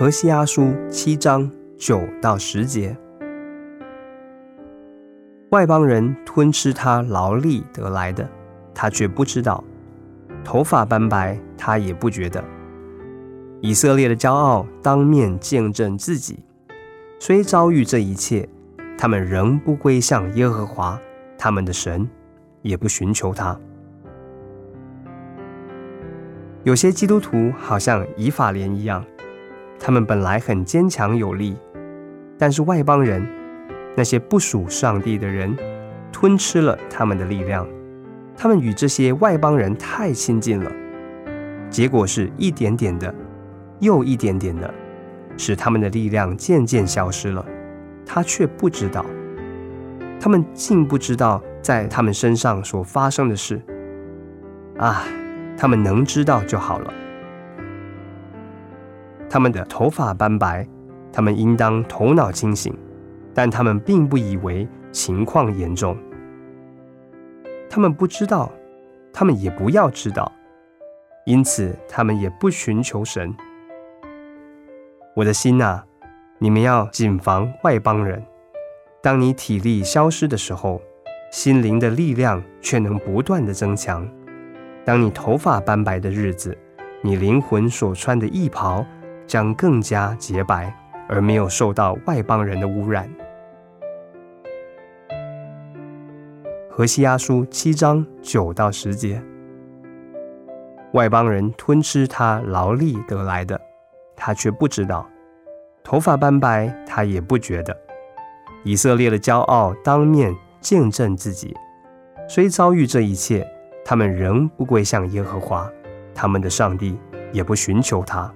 何西阿書七章九到十節：外邦人吞吃他勞力得來的，他卻不知道；頭髮斑白，他也不覺得。以色列的驕傲當面見證自己，雖遭遇這一切，他們仍不歸向耶和華他們的神，也不尋求他。有些基督徒好像以法蓮一樣。他們本來很堅強有力，但是外邦人，那些不屬上帝的人，吞吃了他們的力量。他們與這些外邦人太親近了，結果是一點點的，又一點點的，使他們的力量漸漸消失了，他卻不知道。他們竟不知道在他們身上所發生的事。啊，他們能知道就好了。他們的頭髮斑白，他們應當頭腦清醒，但他們並不以為情況嚴重。他們不知道，他們也不要知道，因此他們也不尋求神。我的心啊，你們要謹防外邦人。當你體力消失的時候，心靈的力量卻能不斷的增強。當你頭髮斑白的日子，你靈魂所穿的衣袍。將更加潔白，而沒有受到外邦人的污染。何西阿書七章九到十節，外邦人吞吃他勞力得來的，他卻不知道；頭髮斑白，他也不覺得。以色列的驕傲當面見證自己，雖遭遇這一切，他們仍不歸向耶和華，他們的上帝也不尋求他。